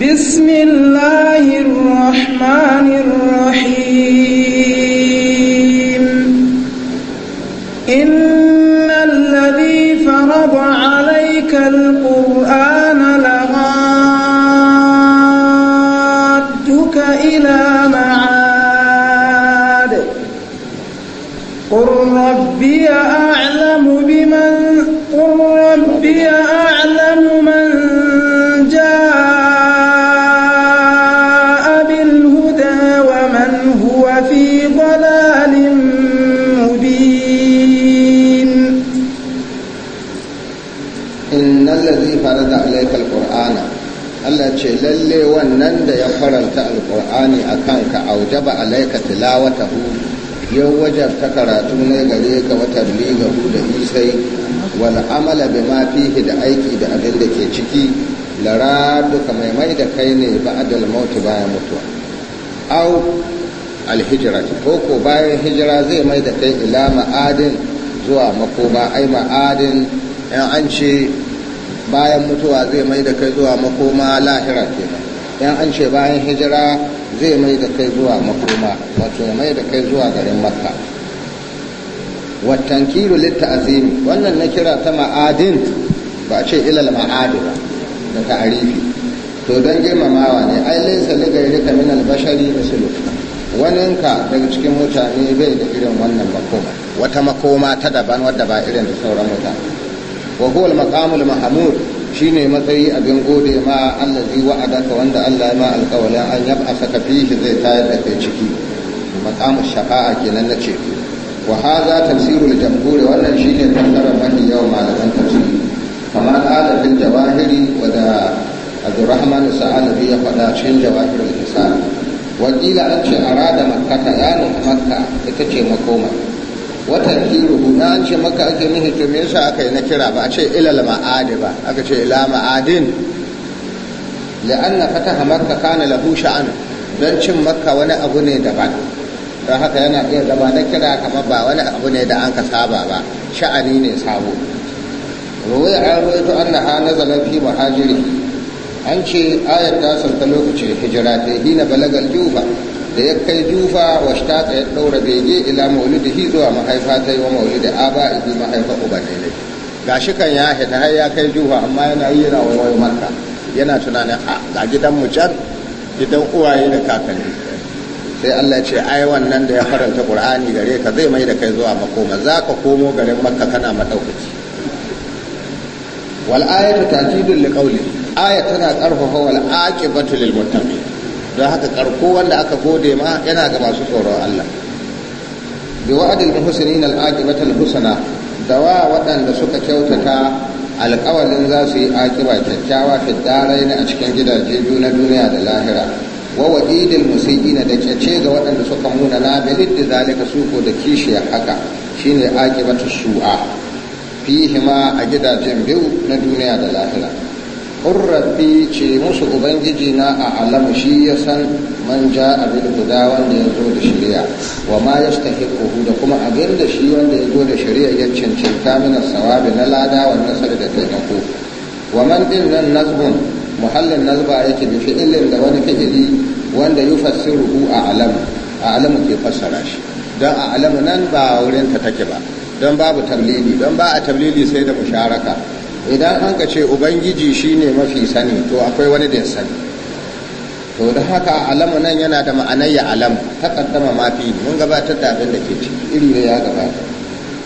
بسم الله الرحمن الرحيم إن الذي فرض عليك القرآن ce lalle wannan da ya faranta alkur'ani a kanka aujaba alaika tilawatahu yau ta karatu ne gare ka watan ligahu da isai wal amala bi ma fihi da aiki da abin da ke ciki laraduka mai mai da kai ne ba ba'dal maut bayan mutuwa au alhijira ko ko bayan hijira zai mai da kai ila ma'adin zuwa makoma ai ma'adin yan an ce bayan mutuwa zai mai da kai zuwa makoma lahira kenan yan an ce bayan hijira zai mai da kai zuwa makoma wato ya mai da kai zuwa garin makka litta litta'azimi wannan na kira ta ma'adin ba ce ilal ma'adi ba da ta'arifi to don girmamawa ne ai laysa ligairika min albashari mislu waninka daga cikin mutane bai da irin wannan makoma wata makoma ta daban wadda ba irin da sauran mutane wa huwa al-maqamul mahmud shine matsayi abin gode ma allazi wa'adaka wanda Allah ya ma alƙawalin an yab'asaka fihi zai tayar da kai ciki maqamu shafa'a kenan na ce wa hadha tafsirul jamhur wannan shine fassara mafi yawan malaman tafsiri kamar qala bil wada wa da Abdurrahman ya faɗa cikin jawahirul hisab wakila an ce arada makkata ya nufi makka ita ce makoma watan kiruhu na an ce maka ake nufi to me yasa aka yi na kira ba a ce ilal ma'adi ba aka ce ila ma'adin la'anna fataha makka kana lahu sha'an don cin makka wani abu ne daban dan haka yana iya zama na kira kamar ba wani abu ne da an ka saba ba sha'ani ne sabo ruwai an to an na nazala fi muhajiri an ce ayar ta sauka lokacin hijira ta yi na balagal juba da ya kai jufa wa shi shtaka ya ɗaura bege ila Shi zuwa mahaifa ta yi wa maulidi ba a mahaifa ga shi kan ya haɗa har ya kai jufa amma yana yi yana wayo marka yana tunanin a ga gidan mu can gidan uwaye da kakanni sai Allah ce ai wannan da ya faranta Qur'ani gare ka zai mai da kai zuwa makoma za ka komo garin Makka kana madaukaki wal ayatu tajidul liqawli aya tana karfafa wal aqibatu lil muttaqin don haka karko wanda aka gode ma yana ga masu tsoron Allah bi wa'adil muhsinin al-aqibata al-husna dawa waɗanda suka kyautata alƙawalin za su yi aƙiba kyakkyawa fi ne a cikin gidaje biyu na duniya da lahira wa wa'idil musiqina da kyace ga waɗanda suka muna na bilidda da zalika suko da kishiya haka shine aqibatu su'a fihima a gidajen biyu na duniya da lahira ƙurrafi ce musu ubangiji na a alamu. shi ya san man ja abin guda wanda ya zo da shari'a wa ma ya stahi da kuma abin da shi wanda ya zo da shari'a ya cancanta mina sawabi na lada wa nasar da taimako wa man din nan nazbun muhallin nazba yake bi fi'ilin da wani fi'ili wanda fassiru a alamu a alamu ke fassara shi don a alamu nan ba wurin ta take ba don babu tablili don ba a tablili sai da musharaka idan an ka ce ubangiji shine mafi sani to akwai wani da sani to da haka alamu nan yana da ma'anar ya alamu ta kaddama mafi mun gabatar da abin da ke ci iri da ya gabata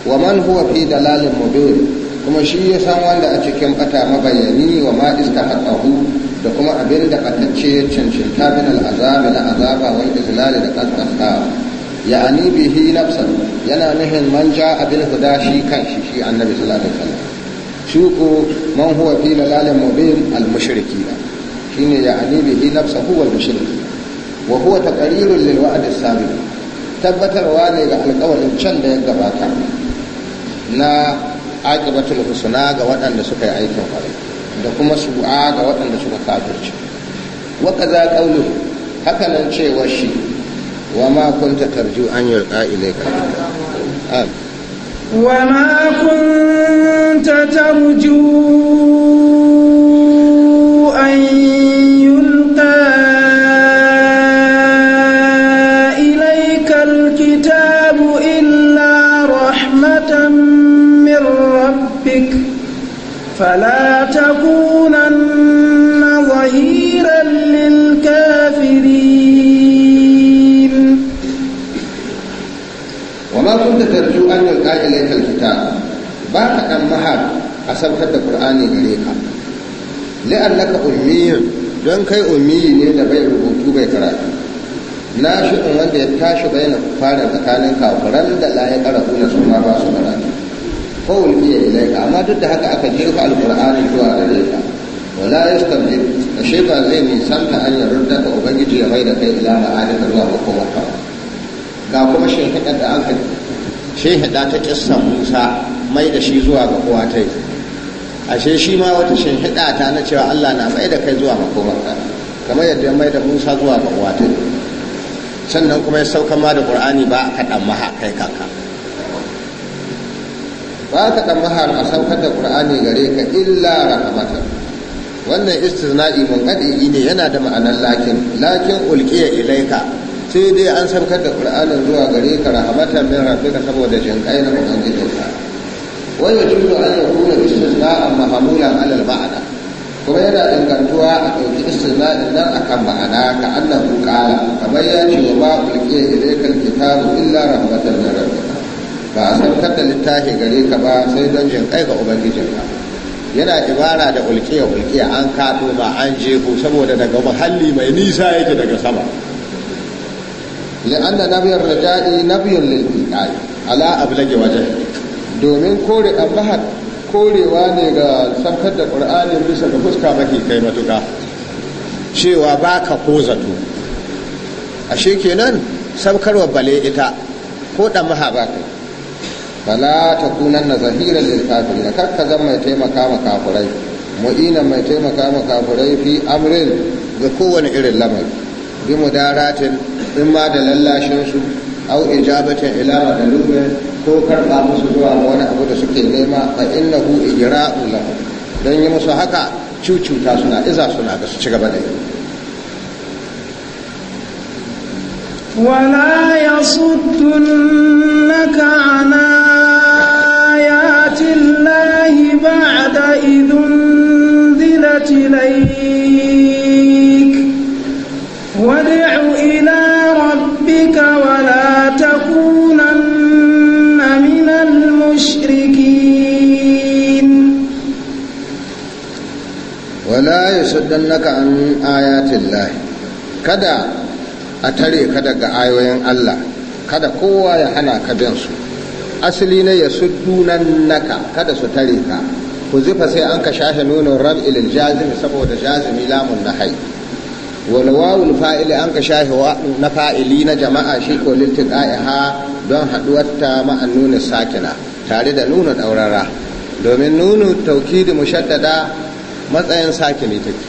wa man huwa fi dalalin mubin kuma shi ya san wanda a cikin bata mabayani wa ma istahaqahu da kuma abin da katacce ya cancanta min al'azabi na azaba wa izlal da kaskasa ya'ani bihi nafsan yana nihin man ja'a bil huda shi kan shi shi annabi sallallahu alaihi wasallam shuku man huwa fi lalalin mubin al-mushriki shine ya ani bihi nafsahu wal mushriki wa huwa taqrirun lil wa'd as-sabiq tabbatarwa ne ga alƙawarin can da ya gabata na aqibatul husna ga waɗanda suka yi aikin kwarai da kuma su'a ga waɗanda suka kafirce wa kaza qawluhu haka nan cewa shi wa ma kunta tarju an yulqa ilayka wa ma kunta كنت ترجو أن يلقى إليك الكتاب إلا رحمة من ربك فلا تكونن ظهيرا للكافرين وما كنت ترجو أن يلقى ba ka ɗan mahar a saukar da ƙur'ani gare ka la'allaka ummiyin don kai ummiyi ne da bai rubutu bai karatu na shi in wanda ya tashi bai na fara tsakanin kafiran da layi karatu na suna ba su karatu ko ulfiya ilaika amma duk da haka aka jefa alƙur'ani zuwa gare ka wala yastabdil ashe ba zai nisanta an yi rudda ka ubangiji ya mai da kai ila ma'ani ka zuwa hukumar ka ga kuma shehidan da an shehidan ta kissa musa mai da shi zuwa ga kowa ta yi ashe shi ma wata hida ta na cewa allah na mai da kai zuwa makomarka kamar yadda mai da musa zuwa ga kowa ta yi sannan kuma ya sauka ma da ƙur'ani ba ka ɗan maha kai kaka. ba ka ɗan maha a saukar da ƙur'ani gare ka illa rahamata wannan istizna'i mun kaɗi ne yana da ma'anar lakin lakin ulkiya ilaika sai dai an saukar da ƙur'anin zuwa gare ka rahamata min rabbika saboda jinƙai na ubangijinka ويجوز أن يكون الاستثناء محمولا على المعنى kuma yana ingantuwa a ɗauki istinadin nan akan ma'ana ka annan qala kamar ya ce wa ba ulqiya ilayka alkitabu illa rahmatan min rabbika ba a san da littafi gare ka ba sai don jin kai ga ka. yana ibara da ulqiya ulqiya an kaɗo ba an jeho saboda daga muhalli mai nisa yake daga sama لأن نبي الرجاء ala للإيقاع على أبلغ وجهه domin kore korewa ne ga sarkar da ƙur'ani bisa ga fuska mafi kai matuka cewa ba ka ko zato a shi kenan sabkarwa bale ita ko ɗan maha ba ka Bala ta kunan na zahirar lilkafiri na kakka zan mai taimaka ma kafirai mu'ina mai taimaka ma fi amrin ga kowane irin lamar. bi mu ratin, in ma da lallashinsu au ijabatin ila madalubin ko karɓa musu zuwa wani abu da suke nema fa innahu ijra'u lahu don yi musu haka cucuta suna iza suna ga su ci gaba da yi ولا يصدنك عن آيات الله بعد إذ انزلت إليك naka an ayatin lahi kada a tare ka daga ayoyin Allah kada kowa ya hana ka bin su asali ne yasuddunan naka kada su tare ka ku zifa sai an ka shafe nunin rab lil jazimi saboda jazimi lamun nahai wani wawul fa'ili an ka shashe na fa'ili na jama'a shi ko lil ha don haduwar ta ma'an sakina tare da nunu daurara domin nunu taukidi mushaddada matsayin sake ne take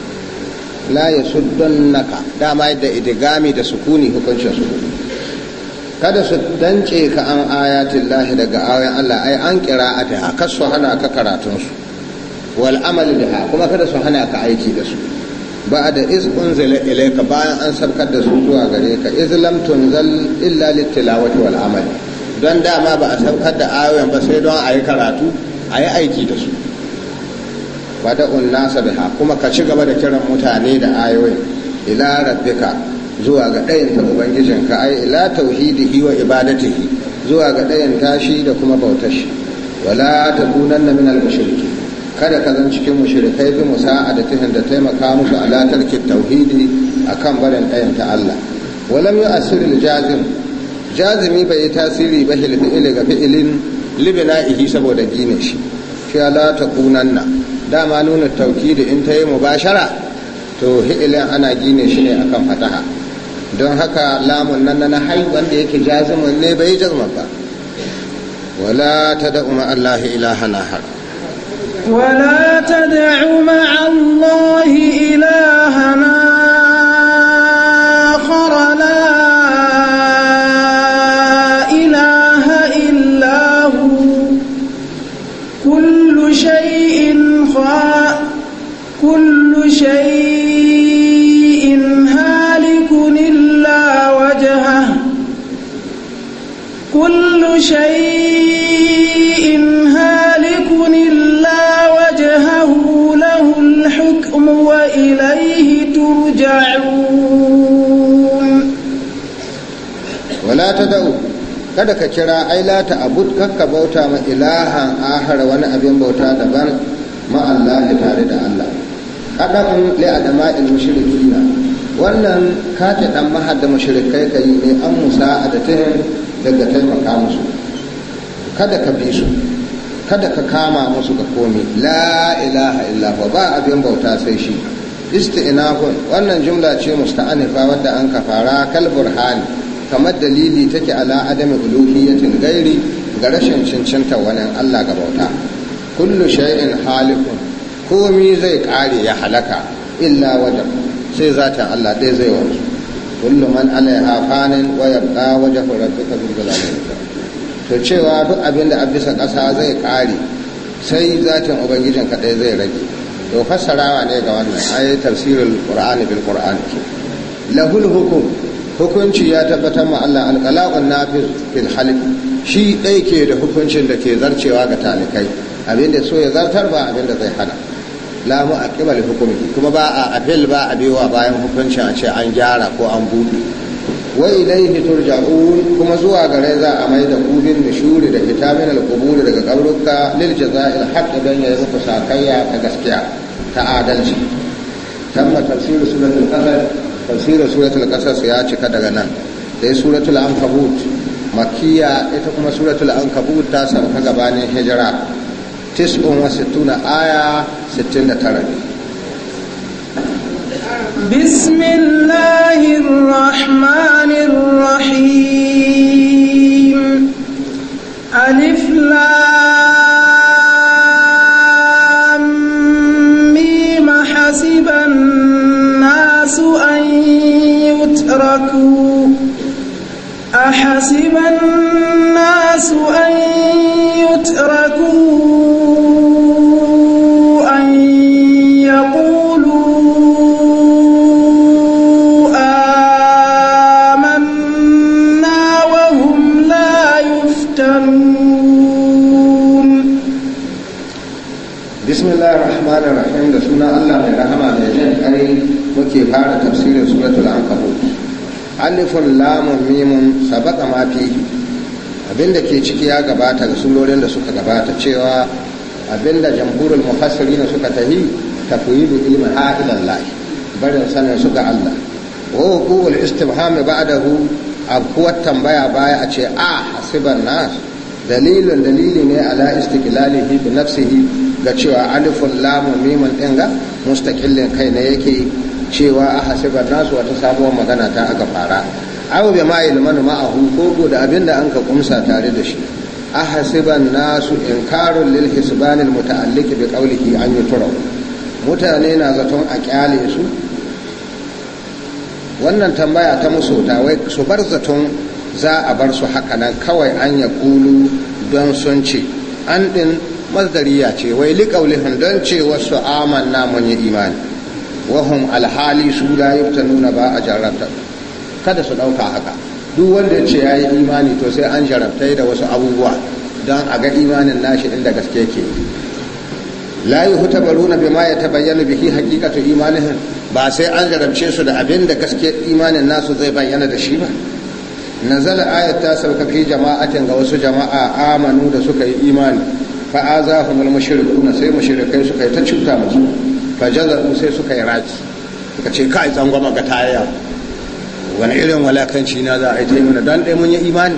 la ya suddannaka dama yadda idigami da sukuni hukuncin su kada su dance ka an ayatin lahi daga ayoyin Allah ai an kira a ta haka su hana ka karatun su wal amal kuma kada su hana ka aiki da su ba da iz unzila ilayka bayan an sarkar da su zuwa gare ka iz lam tunzal illa litilawati wal amal don dama ba a saukar da ayoyin ba sai don a yi karatu a yi aiki da su wada'un nasa biha kuma ka ci gaba da kiran mutane da ayoyin ila rabbika zuwa ga ɗayanta ka ai ila tauhidihi wa ibadatihi zuwa ga ɗayan tashi da kuma bautar shi wala takunanna min al-mushriki kada ka zan cikin mushrikai bi musa'a da tihin da taimaka musu ala ki tauhidi akan barin ɗayan ta Allah walam yu'assir al-jazim jazimi bai yi tasiri ba hil fi'ili ga fi'ilin libna'ihi saboda gine shi la ta kunanna dama nuna tauki da in ta yi mubashara to hi'ilin ana gine shi ne akan fataha don haka lamun nan na hai wanda yake jazimin ne bai jazma ba wala ta da umar Allah ilaha har wala ta da umar Allah ilaha nahar kada ka kira ai la ta'bud kakka bauta ma ilahan ahar wani abin bauta daban ma Allah tare da Allah adabun li al mushrikin wannan ta dan mahadda mushrikai kai ne an musa a da daga taimaka musu kada ka bi su kada ka kama musu ga komi la ilaha illa ba abin bauta sai shi isti'nafun wannan jumla ce musta'anifa wadda an kafara kal burhani kamar dalili take ala adami uluhiyatin gairi ga rashin cincinta wani Allah ga bauta kullu shay'in halikun komi zai kare ya halaka illa wajen sai zata Allah dai zai wanzu kullu man alaiha fanin wa yabqa wajhu rabbika bil jalali to cewa duk abin da a bisa zai kare sai zatin ubangijin dai zai rage to fassarawa ne ga wannan ayatul tafsirul qur'ani bil qur'ani lahul hukum hukunci ya tabbatar ma Allah alqalaqun nafiz fil halq shi ɗaya ke da hukuncin da ke zarcewa ga talikai abinda so ya zartar ba abinda zai hana la mu aqiba hukumi kuma ba a afil ba a biwa bayan hukunci a ce an gyara ko an buɗe wa ilaihi turja'un kuma zuwa gare za a mai da kubin shuri da vitamin al-qubur daga qabrukka lil jaza'il haqq dan ya muku sakayya ta gaskiya ta adalci tamma tafsir al qadar tafsirin suratul qasas ya cika daga nan sai suratul ankabut makiya ita kuma suratul ankabut ta sauka gabanin hijira tis'un wa sittuna aya 69 بسم الله الرحمن الرحيم ألف أحسب alifun lamun mimun sabaka ma fi abinda ke ciki ya gabata ga sulorin da suka gabata cewa abinda jamhurul mufassirin suka tahi tafwidu ilmi ha ila Allah barin sanin su ga Allah wa hukumul istibham ba'dahu abkuwar tambaya baya a ce a hasiban nas dalilin dalili ne ala istiqlalihi bi nafsihi ga cewa alifun lamun mimun din ga mustaqillin kai ne yake cewa a hasibar nasu wata sabuwar magana ta aka fara abu bai ma ilmanu ma'ahu hukoko da abin da an ka kumsa tare da shi a hasiban nasu in inkarun lil hisbanil muta'alliki bi qawlihi an yi turau mutane na zaton a kyale su wannan tambaya ta ta wai su bar zaton za a bar su haka nan kawai an ya kulu don sun ce an din mazdariya ce wai liƙaulihin don ce wasu amanna mun yi imani wahum alhali su da yabta nuna ba a jarabta kada su ɗauka haka duk wanda ya ce ya yi imani to sai an jarabta da wasu abubuwa don a ga imanin nashi inda gaske ke la yi huta baruna bi ma ya biki hakikatu imanin? ba sai an jarabce su da abin da gaske imanin nasu zai bayyana da shi ba nazala ayat ta sauka fi jama'atin ga wasu jama'a amanu da suka yi imani fa azahumul mushrikuna sai mushrikai suka yi ta cuta musu fajazaru sai suka yi raji ka ce kai tsangwama ga tayaya wani irin walakanci na za a yi taimuna don ɗaya mun yi imani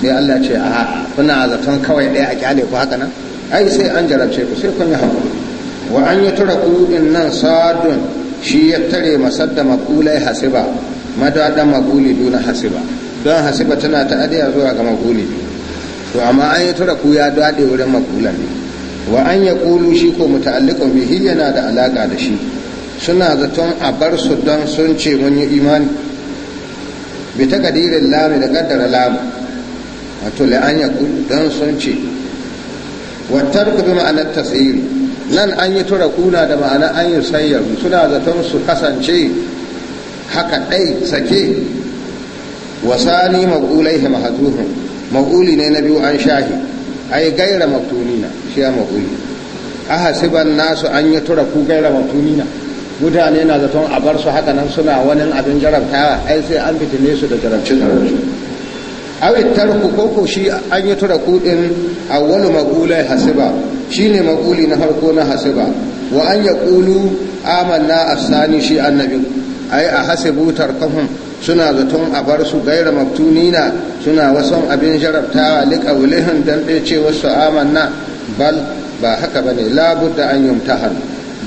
sai Allah ce a kuna zaton kawai ɗaya a kyale ku haka nan ai sai an jarabce ku sai kun yi haƙuri wa an yi tura kuɗin nan sadun shi ya tare masar da makulai hasiba madaɗa makuli duna hasiba don hasiba tana ta'adiyar zuwa ga makuli to amma an yi tura ku ya daɗe wurin makulan ne wa an ya ƙulu shi ko muta'alliqun bihi yana da alaƙa da shi suna zaton a bar su don sun ce mun yi imani bi ta kadirin lami da kaddara lamu wato la an ya ƙulu don sun ce wa tarku bi ma'anar tasiri nan an yi tura kuna da ma'ana an yi sayyaru suna zaton su kasance haka ɗai sake wasani maƙulai mahazufin maƙuli ne na biyu an shahi ai gaira maktuni kwanciya a hasiban nasu an yi tura ku gaira matunina mutane na zaton a bar su haka nan suna wani abin jarabtawa ai sai an fitine su da jarabcin jarabci awi tarku ko ko shi an yi tura kudin awwalu maqulai hasiba shine maquli na farko na hasiba wa an yaqulu amanna sani shi annabi ai a hasibu tarkahum suna zaton a bar su gaira maftunina suna wasan abin jarabtawa liqawlihim dan dai ce wasu amanna bal ba haka ba ne labudda an yumtahan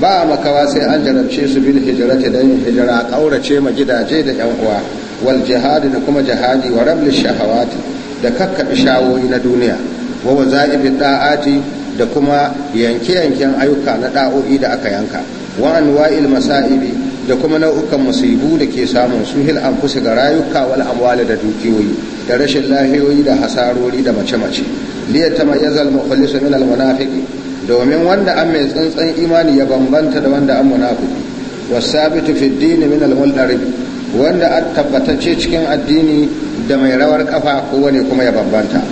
ba makawa sai an jarabce su bil hijrati dan hijira a kaurace ma gidaje da yan uwa wal jihadi da kuma jihadi wa rabl shahawati da kakkabi shawoyi na duniya wa wazaibi da'ati da kuma yanke yanken ayyuka na da'o'i da aka yanka wa anwa'il masa'ibi da kuma nau'ukan musibu da ke samun su hil kusa ga rayuka wal amwali da dukiyoyi da rashin lahiyoyi da hasarori da mace-mace liya ta mayazal mukhalisu min munafiqi domin wanda an mai tsantsan imani ya bambanta da wanda an munafiki wasabitu fi dini min almudarib wanda an tabbatace cikin addini da mai rawar kafa ko wani kuma ya bambanta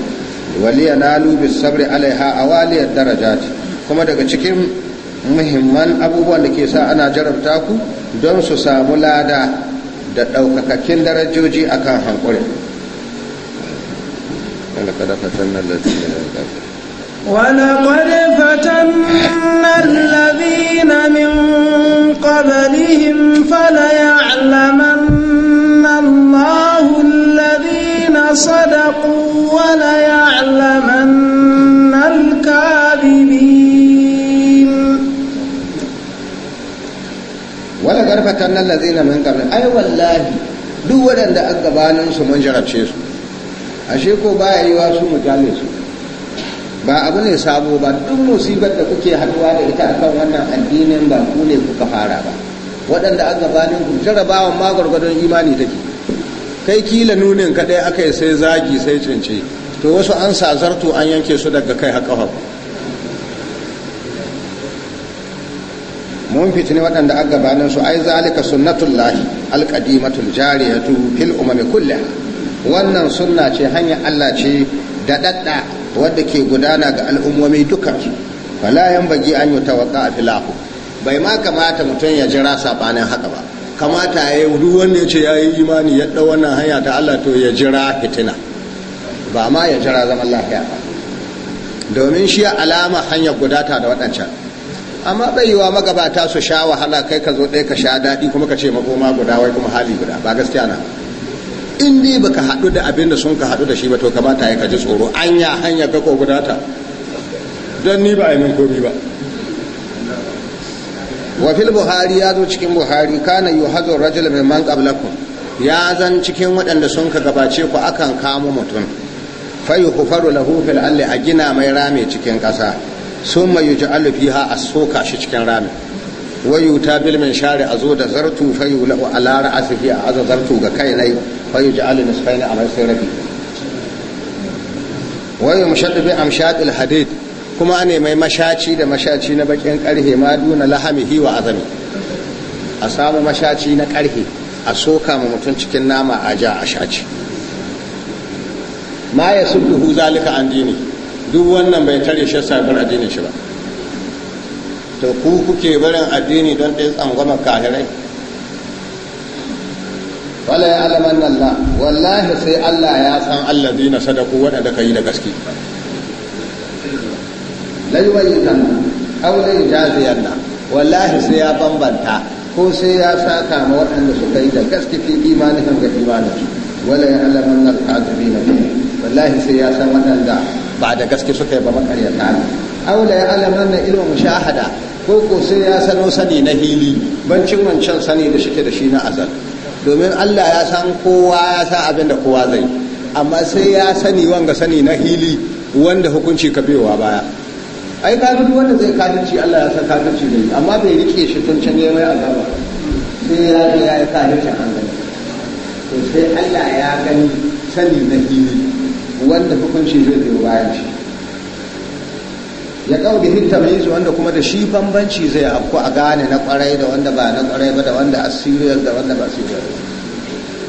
waliya nalu bis sabri alaiha daraja darajat kuma daga cikin muhimman abubuwan da ke sa ana jarabta ku don su samu lada da ɗaukakakin darajoji akan hankulin ولقد فتنا الذين من قبل ولقد فتنا الذين من قبلهم فليعلمن الله الذين صدقوا وليعلمن الكاذبين ولقد فتنا الذين من قبلهم أي والله duk waɗanda an gabaninsu mun jarabce su ashe ko ba baya yi wa su mu su ba abu ne sabo ba duk musibar da kuke haduwa da ita akan wannan addinin ba ku ne kuka fara ba waɗanda a gabanin ku jarabawan ma imani take kai kila nunin kaɗai aka yi sai zagi sai cince to wasu an sa zarto an yanke su daga kai haƙa mun fitini waɗanda a gabanin su ai zalika sunnatullahi alqadimatul jariyatu fil umami kulliha wannan sunna ce hanyar Allah ce da wadda ke gudana ga al'ummomi duka fala yan bagi an yi tawaka a filahu bai ma kamata mutum ya jira sabanin haka ba kamata ya yi wudu wanda ya ce ya yi imani ya ɗau wannan hanya ta Allah to ya jira fitina ba ma ya jira zaman lafiya ba domin shi alama hanya gudata da waɗancan amma bai yiwa magabata su sha wahala kai ka zo ɗaya ka sha daɗi kuma ka ce makoma guda wai kuma hali guda ba gaskiya na in dai baka haɗu da abin da sun ka haɗu da shi ba to kamata ya kaji tsoro anya hanya ka ko gudata don ni ba a yi min komi ba wa fil buhari ya zo cikin buhari kana yuhadu rajul min man qablakum ya zan cikin waɗanda sun ka gabace ku akan kamo mutum fayu kufaru lahu fil alli a gina mai rame cikin ƙasa alufi ha a soka shi cikin rami. wayu ta bilmin share a zo da zartu fayu la'u ala ra'asifi a aza zartu ga kai nai fayu alin nisfaini na mai rabi wayu mushaddu bi amshadil hadid kuma ne mai mashaci da mashaci na bakin karhe ma duna lahamihi wa azami a samu mashaci na karhe a soka ma mutum cikin nama a ja a shaci ma ya sudduhu zalika an dini duk wannan bai tare shi sabar addinin shi ba to ku kuke barin addini don ɗaya tsangwama kahirai wala ya alaman Allah wallahi sai Allah ya san Allah zina sadaku waɗanda ka yi da gaske laiwayi kan kaulai jaziyar nan wallahi sai ya bambanta ko sai ya sa kama waɗanda suka yi da gaske fi imanihin ga imaninsu wala ya alaman nan kazubi na wallahi sai ya san waɗanda ba da gaske suka yi ba makaryata ne aula ya alaman na ilmin shahada ko ko sai ya sano sani na hili bancin wancan sani da shike da shi na azal domin Allah ya san kowa ya san abin da kowa zai amma sai ya sani wanga sani na hili wanda hukunci ka bewa baya ai duk wanda zai kafirci Allah ya san kafirci ne amma bai rike shi tun can ne mai azaba sai ya ga ya yi kafircin an gani to sai Allah ya gani sani na hili wanda hukunci zai bewa bayan shi ya kawo bihin tamyizu wanda kuma da shi bambanci zai afku a gane na kwarai da wanda ba na kwarai ba da wanda a serious da wanda ba serious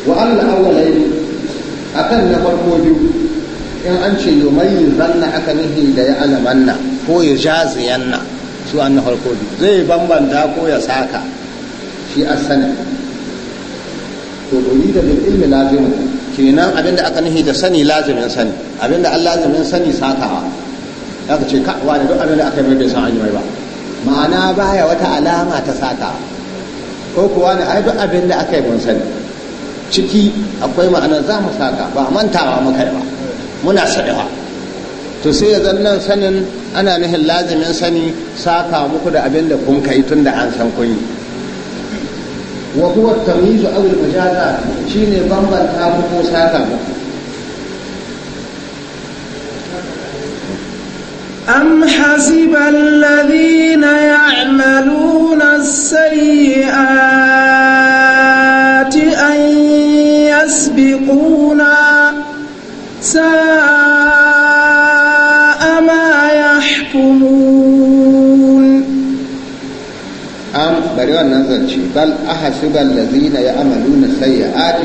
wa Allah a akan na farko biyu in an ce yumayyi zanna aka nihi da ya alamanna ko ya jaziyanna su an na farko biyu zai bambanta ko ya saka shi asana to domin da ilmi lazimin kenan abinda aka nihi da sani lazimin sani abinda Allah lazimin sani sakawa za ka ce wa da duk abin da aka yi bai san an yi mai ba ma'ana baya wata alama ta sata ko kuwa da ai duk abin da aka yi mun sani ciki akwai ma'anar za mu saka ba mantawa muka yi ba muna sadewa to sai ya nan sanin ana nuhin lazimin sani saka muku da abin da kun kai tun da an san kun yi wa huwa tamyizu awil mujaza shine bambanta muku saka muku أم حسب الذين يعملون السيئات أن يسبقونا ساء ما يحكمون أم بريوا النظر بل أحسب الذين يعملون السيئات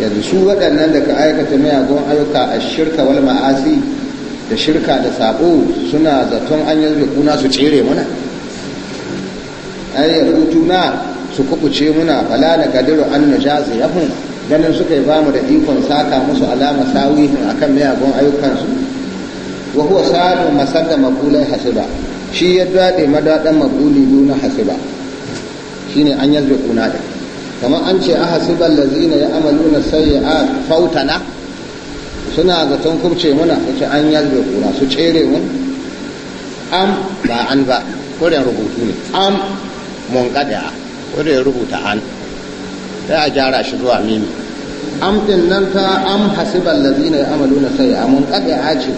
يعني شو waɗannan da ka aikata mayagun ayyuka a shirka da shirka da sabo suna zaton an yanzu kuna su tsere muna ai hutu na su kubuce muna bala da gadiru an najazi yahum ganin suka yi bamu da ikon saka musu alama sawihin akan miyagun ayyukansu wa huwa sadu masadda maqulai hasiba shi ya dade madadan maquli duna hasiba shine an yanzu kuna da kamar an ce a hasiban lazina ya amaluna sayyi'at fautana suna zaton kurce muna su ce an yalbe kura su cere mun am ba an ba kodin rubutu ne am mun kada kodin rubuta an sai a gyara shi zuwa mimi am din nan ta am hasiban lazina ya amalu na sai mun kada a ce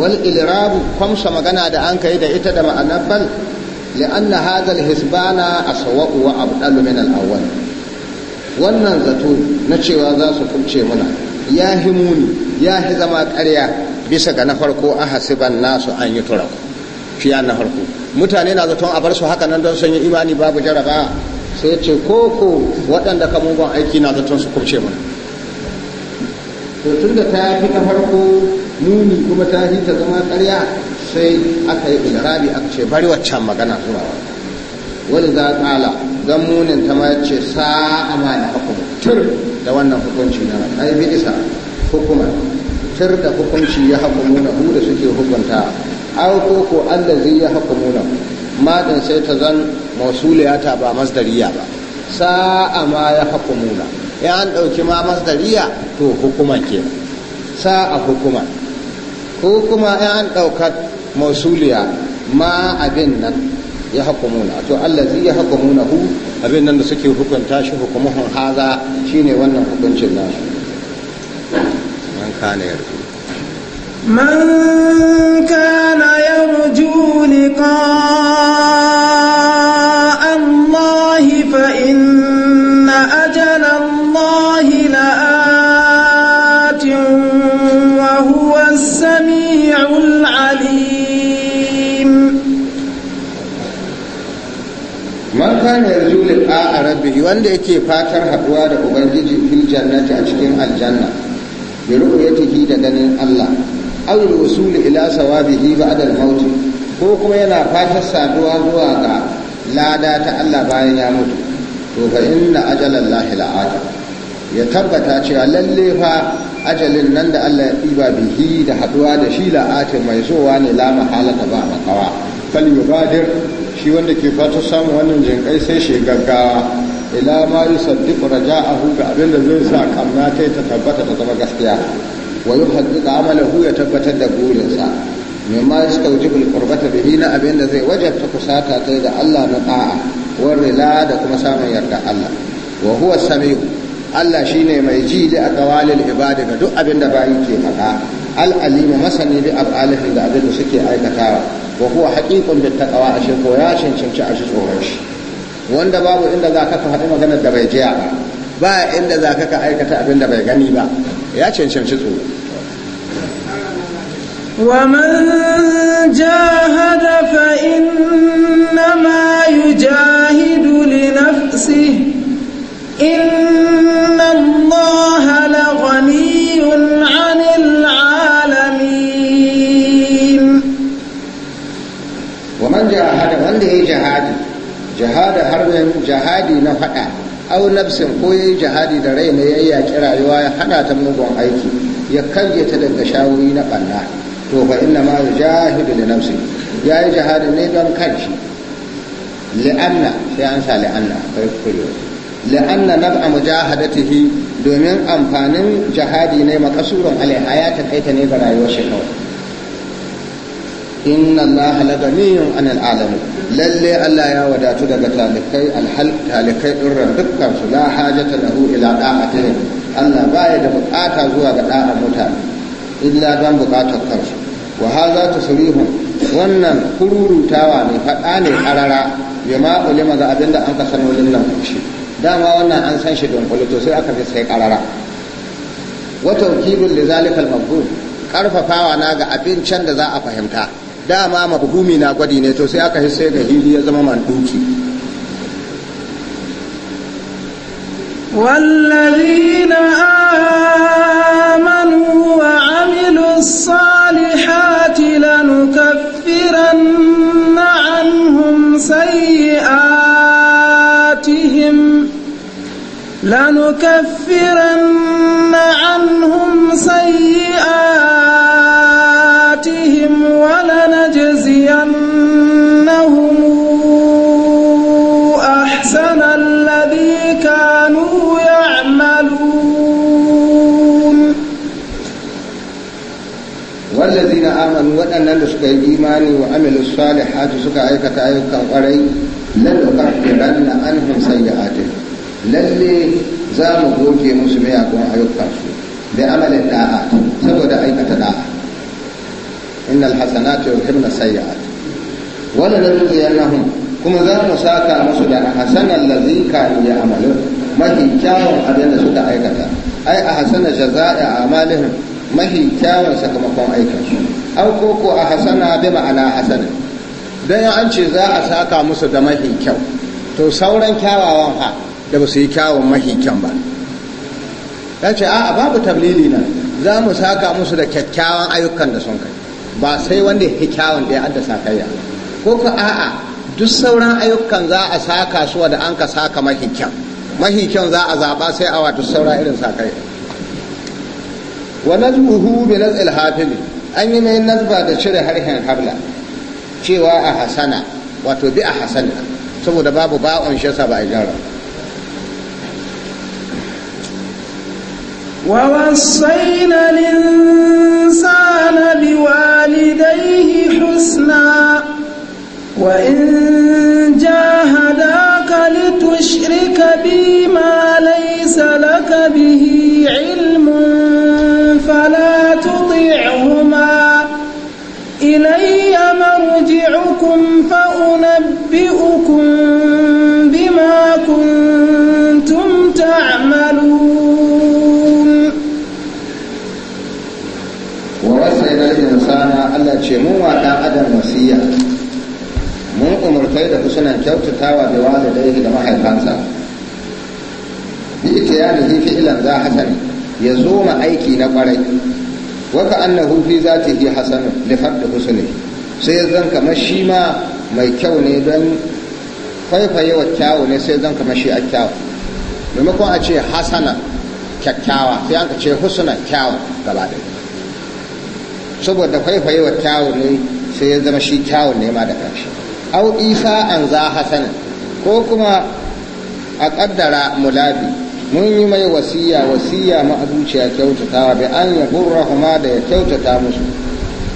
wal ilrabu kwamsa magana da an kai da ita da ma'anar bal li'anna hadha al a aswa'u wa Abu min al-awwal wannan zato na cewa za su kurce muna ya himuni ya fi zama ƙarya bisa ga na farko a hasiban nasu an yi turaku fiya na farko mutane na zaton a bar su haka nan don sun yi imani babu jaraba sai ce koko waɗanda ka aiki na zaton su kurce mana tun da ta fi na farko nuni kuma ta fi ta zama ƙarya sai aka yi ijirabi aka ce bari waccan magana zuwa wani za tsala don munin ta ma ce sa'a ma na hukumu tur da wannan hukunci na ai bi isa hukumar sir da hukunci ya hukumuna hu da suke hukunta aw ko ko zai ya hukumuna madan sai ta zan mausuliyata ba masdariya ba sa'a ma ya nuna ya an dauki ma masdariya to hukuma ke sa'a hukuma ko kuma ya an daukar mausuliya ma abin nan ya nuna to allah zai ya nuna hu abin nan da suke hukunta shi hukumuhun haza shine wannan hukuncin nasu manka na yau juli ka allahi fa ina a janan wanda yake fatar fatan haduwa da uban jijinti a cikin aljanna. bi ciki da ganin Allah aw al-wusul ila sawabihi ba'da al-maut ko kuma yana fatar saduwa zuwa ga lada ta Allah bayan ya mutu to fa inna lahi la'ad ya tabbata cewa lalle fa ajalin nan da Allah ya ɗiba bihi da haduwa da shi la'at mai zowa ne la ta ba makawa fal yubadir shi wanda ke fata samun wannan jinkai sai shi gaggawa ila ma yusaddiqu raja'ahu ga abin da zai sa kamna ta ta tabbata ta zama gaskiya wa yuhaddiqu amalahu ya tabbatar da burinsa mimma yastawjibu alqurbata bihi na abin da zai wajabta kusata ta ga Allah na da'a wa rila da kuma samun yarda Allah wa huwa samiu Allah shine mai ji da aqwalil ibada ga duk abin da bayi ke faɗa al alimu masani bi af'alihi da abin da suke aikatawa wa huwa haqiqun bit taqwa ashe ko ya cancanci ashe tsoron shi wanda babu inda za ka faɗi maganar da bai jiya ba ba inda za ka aikata abin da bai gani ba ya cancanci tsoro ومن جاهد فإنما يجاهد لنفسه إن jihada harbin jihadi na faɗa au nafsin ko yayi jihadi da rai ne ya yaki rayuwa ya hana ta mugun aiki ya karye ta daga shawuri na banna to fa inna ma jahidu li nafsi yayi jihadi ne don kanshi li'anna sai an sa li'anna kai kuyo li'anna nab'a mujahadatihi domin amfanin jihadi ne makasurun alaiha ya takaita ne ga rayuwar shi kawai inna Allah la ganiyun anil alamu. lalle Allah ya wadatu daga talikai alhal talikai dirran dukkan su la hajata lahu ila da'atihim Allah baya da bukata zuwa ga da'a mutane illa dan bukatar kansu wa hadha tasrihun wannan kururutawa ne faɗa ne karara bima ulama ga abinda an ka sanu wajen nan shi dama wannan an san shi don kulito sai aka fi sai karara wa tawkibul lizalikal zalikal karfafawa na ga abin can da za a fahimta dama mafhumi na gwadi ne to sai aka hisse ga hili ya zama manduki والذين آمنوا وعملوا الصالحات لنكفرن عنهم سيئاتهم لنكفرن waɗannan da suka yi imani wa amilu salihati suka aikata ayyukan ƙwarai lallu kiran na anhum sayyi'atin lalle za mu goge musu miyagun su bi amalin da'a saboda aikata da'a innal hasanatu yuzhibna sayyi'at wala lanziyannahum kuma za mu saka musu da hasanan lazi kanu ya amalin mafi kyawun abin da suka aikata ai a hasanar jaza'i a amalihim mafi kyawun sakamakon aikinsu au koko a hasana bi ma'ana hasana dan an ce za a saka musu da mahi kyau to sauran kyawawan ha da ba su yi kyawun mahi kyan ba ya ce a babu tablili na za mu saka musu da kyakkyawan ayyukan da sun kai ba sai wanda ya kyawun da ya saka ya ko a a'a duk sauran ayyukan za a saka su da an ka saka mahi kyan mahi kyan za a zaba sai a wato sauran irin ya wa nazmuhu bi nazil hafili an yi mai nazba da cire harshen habla cewa a hasana wato bi a hasana saboda babu ba'on shasa ba a gyara ووصينا الإنسان بوالديه حسنا وإن جاهداك لتشرك بي ما ليس لك به علم فلا إلي مرجعكم فأنبئكم بما كنتم تعملون ووصينا الإنسان ألا تشموا وأنا أدم وصية mun umartai da kusunan kyautatawa da walidaihi da mahaifansa bi ita ya da hifi za hasani ya zo ma aiki na kwarai waka annahu fi zatihi hasanun li fadl husni sai zan kamar shi ma mai kyau ne don faifaye wa kyawu ne sai zan kamar shi a kyawu maimakon a ce hasana kyakkyawa sai an ce husna kyawu gaba da saboda faifaye wa kyawu ne sai ya zama shi kyawun ne ma da kanshi au isa an za hasanin ko kuma a ƙaddara mulabi mun yi mai wasiya wasiya ma zuciya kyautata bi an ya burra kuma da ya kyautata musu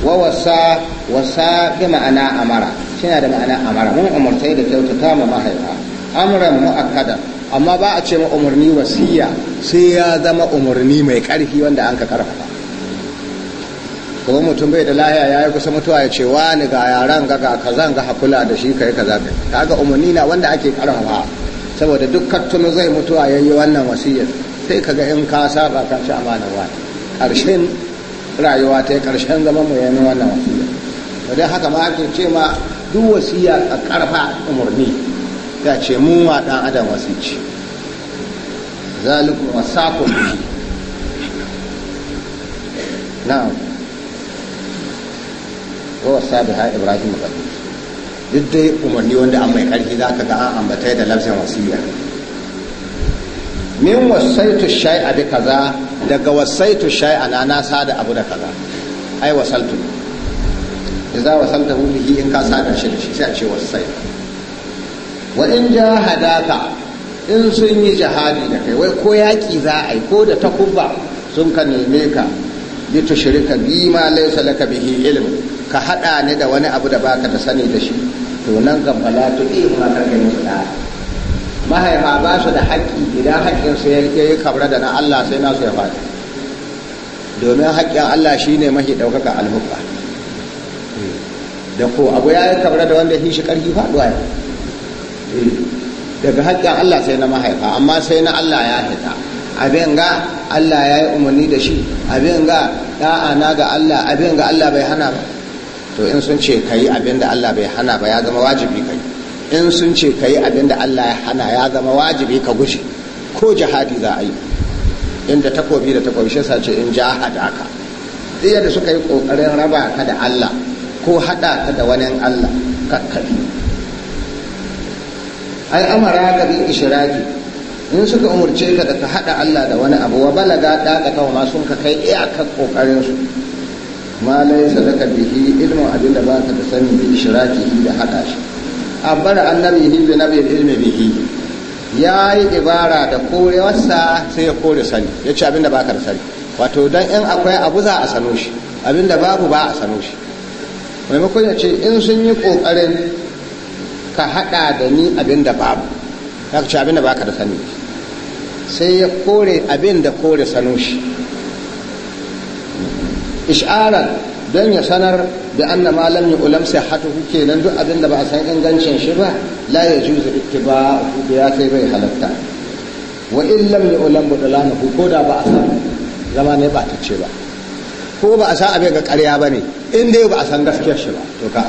wa wasa wasa bi ma'ana amara shina da ma'ana amara mun umartai da kyautata ma mahaifa amran muakkada amma ba a ce ma umarni wasiya sai ya zama umarni mai karfi wanda an ka karfafa kuma mutum bai da lahiya ya yi kusa mutuwa ya ce wani ga yaran ga ga kazan ga hakula da shi kai kaza kai kaga umarni na wanda ake karfafa saboda duk kattunu zai mutu a yayi wannan wasiyar sai ka ga in ka saba ka ci amana wa karshen rayuwa ta karshen zama mu yayi wannan wasiyar to dai haka ma ake ce ma duk wasiya a karfa umarni ya ce mu ma dan adam wasici zalikum wasakum bihi na'am wa wasa ibrahim qadis duk dai umarni wanda an mai karfi za ka ga an ambata da lafiyar wasiya min wasaitu a bi kaza daga wasaitu a na na sada abu da kaza ai wasaltu ta wasalta hi in ka da shi da shi sai a ce wasai wa in Hadaka in sun yi jihadi da kai wai ko yaki za a yi ko da takubba sun ka neme ka bi tushrika bi ma laisa laka bihi ilm ka hada ni da wani abu da baka da sani da shi to nan kan fala to iya kuma karkai musu da mahaifa ba su da haƙƙi idan su ya yi kabra da na Allah sai nasu ya faɗi domin haƙƙin Allah shi ne mahi ɗaukaka alhukka da ko abu ya yi kabra da wanda shi ƙarfi faɗuwa ya daga haƙƙin Allah sai na mahaifa amma sai na Allah ya hita abin ga Allah ya yi umarni da shi abin ga ɗa'ana ga Allah abin ga Allah bai hana ba to in sun ce ka yi abin da Allah bai hana ba ya zama wajibi ka yi in sun ce ka yi abin da Allah ya hana ya zama wajibi ka guje ko jihadi za a yi inda takobi da takobi shi sa ce in jahada ka iya da suka yi kokarin raba ka da Allah ko hada ka da wani Allah kakkafi ai amara ka bi ishraki in suka umarce ka da ka haɗa Allah da wani abu wa balaga da ka kawo sun ka kai iyakar ƙoƙarinsu ma laysa laka bihi abin da baka da sani bi ishrakihi da hada shi abbar annabi hi bi nabi ilmi bihi ya yi ibara da kore wasa sai ya kore sani ya ce da baka da sani wato dan in akwai abu za a sano shi Abin da babu ba a sano shi maimakon ya ce in sun yi kokarin ka hada da ni abin da babu ya ce abin da baka da sani sai ya kore abin da kore sano shi ish'aran don ya sanar da anna ma lam hatu sihhatuhu nan duk abin da ba a san ingancin shi ba la ikki ba da ya kai bai halatta wa in lam yu'lam na ko da ba a san zama ne ba ta ce ba ko ba a san abin ga ƙarya ba ne in dai ba a san gaskiyar shi ba to ka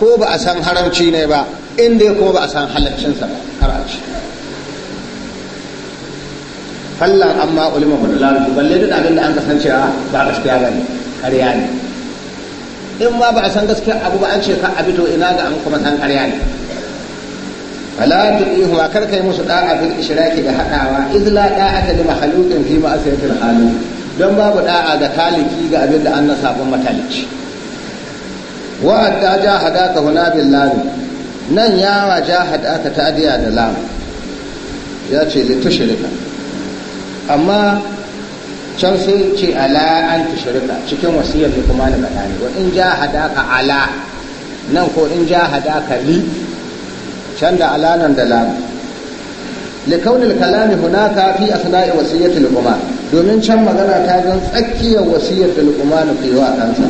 ko ba a san haramci ne ba in dai ko ba a san halaccinsa ba har fallan amma ulima mudulalu balle duk abin da an kasancewa ba gaskiya ba ne ƙarya ne in ma ba a san gaskiya abu ba an ce ka abi to ina ga an kuma san ƙarya ne fala tu'ihu ma karka yi musu da'a fil ishraki da hadawa izla la da'ata li makhluqin fi ma'asiyatil halu. don babu da'a ga taliki ga abin da an na sabon matalici wa adda jahadaka huna billahi nan yawa jahadaka ta'diya da lam ya ce litushrika amma can sun ce ala an tushirka cikin wasiyar da kuma na bayani wa in ja hadaka ala nan ko in ja hadaka li can da ala nan da lamu لكون الكلام هناك في أثناء وصية لقمان domin can magana ta zan tsakiyar wasiyar da lukumanu ke wa ɗansa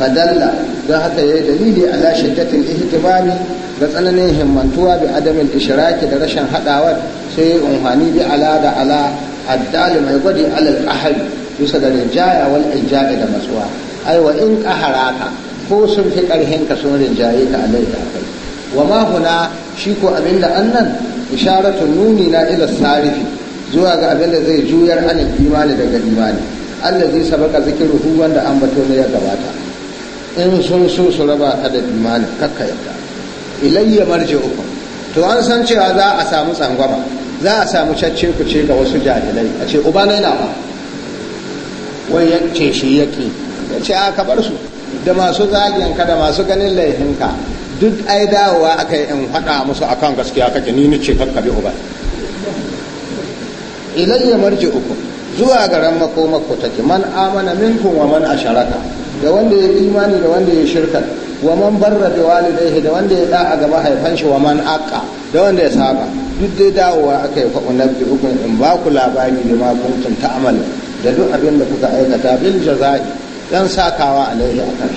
fadalla don haka ya yi dalili ala shiddatin ihtimami ga tsananin himmantuwa bi adamin ishiraki da rashin haɗawar sai ya unhani bi ala da ala addali mai gwadi alal qahari bisa da rinjaya wal ijabi da matsuwa aiwa in in ka ko sun fi karhin ka sun rinjaye ka alai da kai wa ma huna shi ko abinda annan isharatu nuni na ila sarifi zuwa ga abinda zai juyar alin imani daga imani allazi sabaka hu wanda an bato ne ya gabata in sun so su raba ka da imani kakka yadda ilayya marji'ukum to an san cewa za a samu tsangwama za a samu cacce ku ce ga wasu jahilai a ce uba na yana ba wai yanke shi yake ya ce a ka bar su da masu zagiyanka da masu ganin laifinka duk ai dawowa aka yi in faɗa musu akan gaskiya kake ni ce kakka bi uba ya marji uku zuwa garan ku take man amana minkum wa man asharaka da wanda ya imani da wanda ya shirka wa man barra bi walidayhi da wanda ya da'a ga mahaifan shi wa man aqa da wanda ya saba duk dai dawowa aka yi faɗo na hukun in ba ku labari da makuntun ta amala da duk abin da kuka aikata bil jaza'i dan sakawa alaihi a kan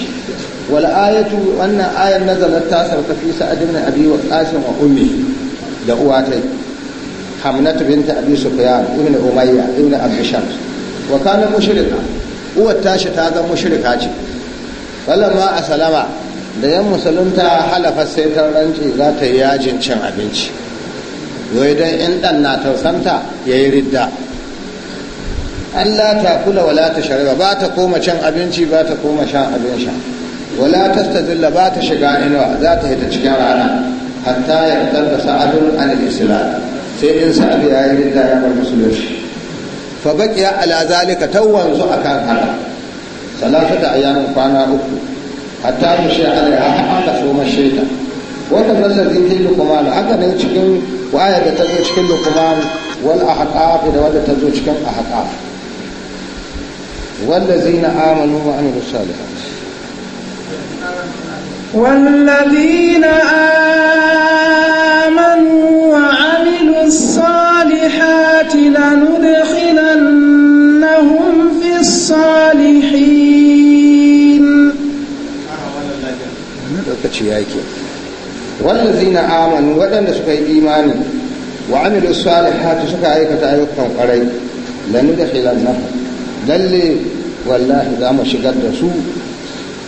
wal ayatu wannan ayar nazalat ta sarka fi sa'ad ibn abi waqasim wa ummi da uwa ta hamnat bint abi sufyan ibn umayya ibn abi shams wa kana mushrika uwar tashi ta ga mushrika ce a salama da yan musulunta halafa sai ta rance za ta yi yajin cin abinci wai don in ɗan na tausanta ya yi ridda Allah ta kula wala ta shari'a ba ta koma cin abinci ba ta koma shan abin sha wala ta stazilla ba ta shiga inuwa za ta yi hita cikin rana hatta ya fitar da sa'adun an islam sai in sa'ad ya yi ridda ya bar musulunci fa baqiya ala zalika tawwanzu akan haka salatu da ayyamin kwana uku hatta mu shi mushi alaiha hatta so mashaita وكان نزل دين كل قمال حتى نيتشكن وآية تزوج كل قمال والأحقاف إذا ولا تزوج كل أحقاف والذين آمنوا وعملوا الصالحات والذين آمنوا وعملوا الصالحات لندخلنهم في الصالحين. wallazina amanu waɗanda suka yi imani wa amilu salihati suka aikata ayyukan kwarai lanu da hilannahu lalle wallahi za mu shigar da su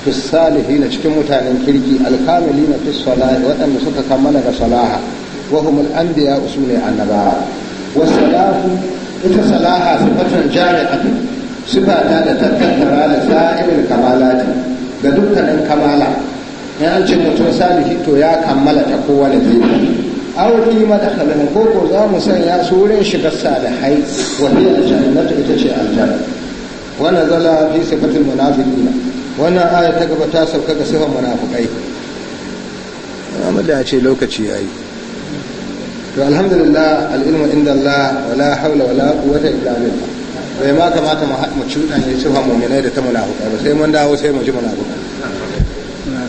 fi salihin cikin mutanen kirki alkamilin fi salahi waɗanda suka kammala da salaha wa hum al-anbiya usuli annabawa wa salahu ita salaha sifatun jami'atu sifata da tattara da sa'irul kamalati da dukkanin kamala ya an ce mutum salihi to ya kammala ta kowane gefe auri madakhalin ko ko za mu sanya su wurin shiga salihai wani hiya aljannatu ita ce aljanna wannan zala fi sifatil munafiqina wannan aya ta gaba ta sauka ga sifan munafiqai amma da ce lokaci yayi to alhamdulillah al'ilmu inda Allah wala haula wala quwwata illa billah bai ma kamata mu cuɗanye sifan mu'minai da ta munafiqai ba sai mun dawo sai mu ji munafiqai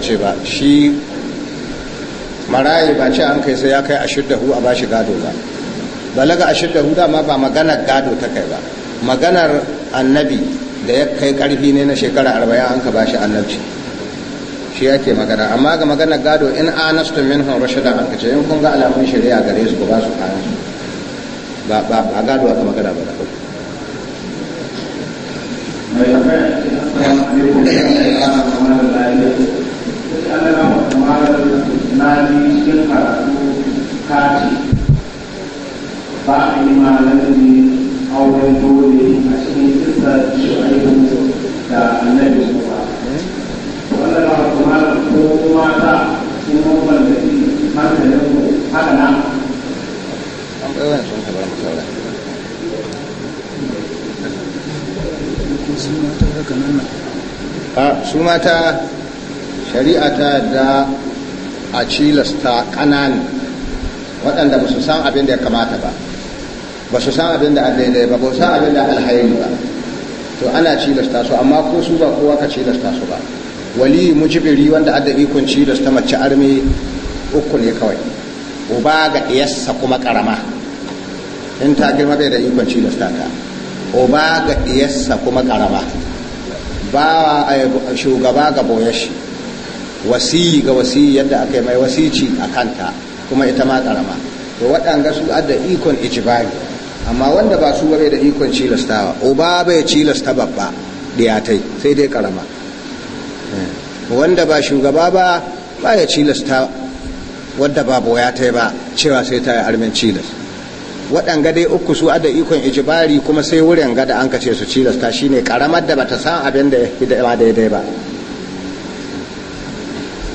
muka ce ba shi marayi ba ce an kai sai ya kai hu a shi gado ba balaga hu dama ba maganar gado ta kai ba maganar annabi da ya kai karfi ne na shekara arba'in an ka shi annabci shi yake magana amma ga maganar gado in anastu minhum rashida an kace in kun ga alamun shari'a gare su ba su kayan su ba ba ba gado aka magana ba da Mai na mutumar na ji cikin karatu ce ba a yi auren dole a cikin kisa shi'ayin da annabi su ba wannan ko mata sun mabban da ke mu haka na a su mata shari'a ta da a cilasta ƙananu waɗanda ba su san abin da ya kamata ba ba su san abin da daidai ba ba su san abin da alhairi ba to ana cilasta su amma ko su ba kowa ka cilasta su ba wali mujibiri wanda adda ikon cilasta mace armi uku ne kawai uba ga ɗiyarsa kuma ƙarama in ta girma bai da ikon cilasta ta uba ga ɗiyarsa kuma ƙarama ba shugaba ga boye wasiyi ga wasiyi yadda aka yi mai wasici a kanta kuma ita ma karama to waɗanga su adda ikon ijibari amma wanda ba su bai da ikon cilastawa uba bai cilasta babba diyatai sai dai karama eh, wanda ba shugaba ba ba ya cilasta wadda ba boya ta ba cewa sai ta yi armin cilas waɗanga dai uku su adda ikon ijibari kuma sai wurin gada an kace su cilasta shine karamar da bata san abin da ya daidai ba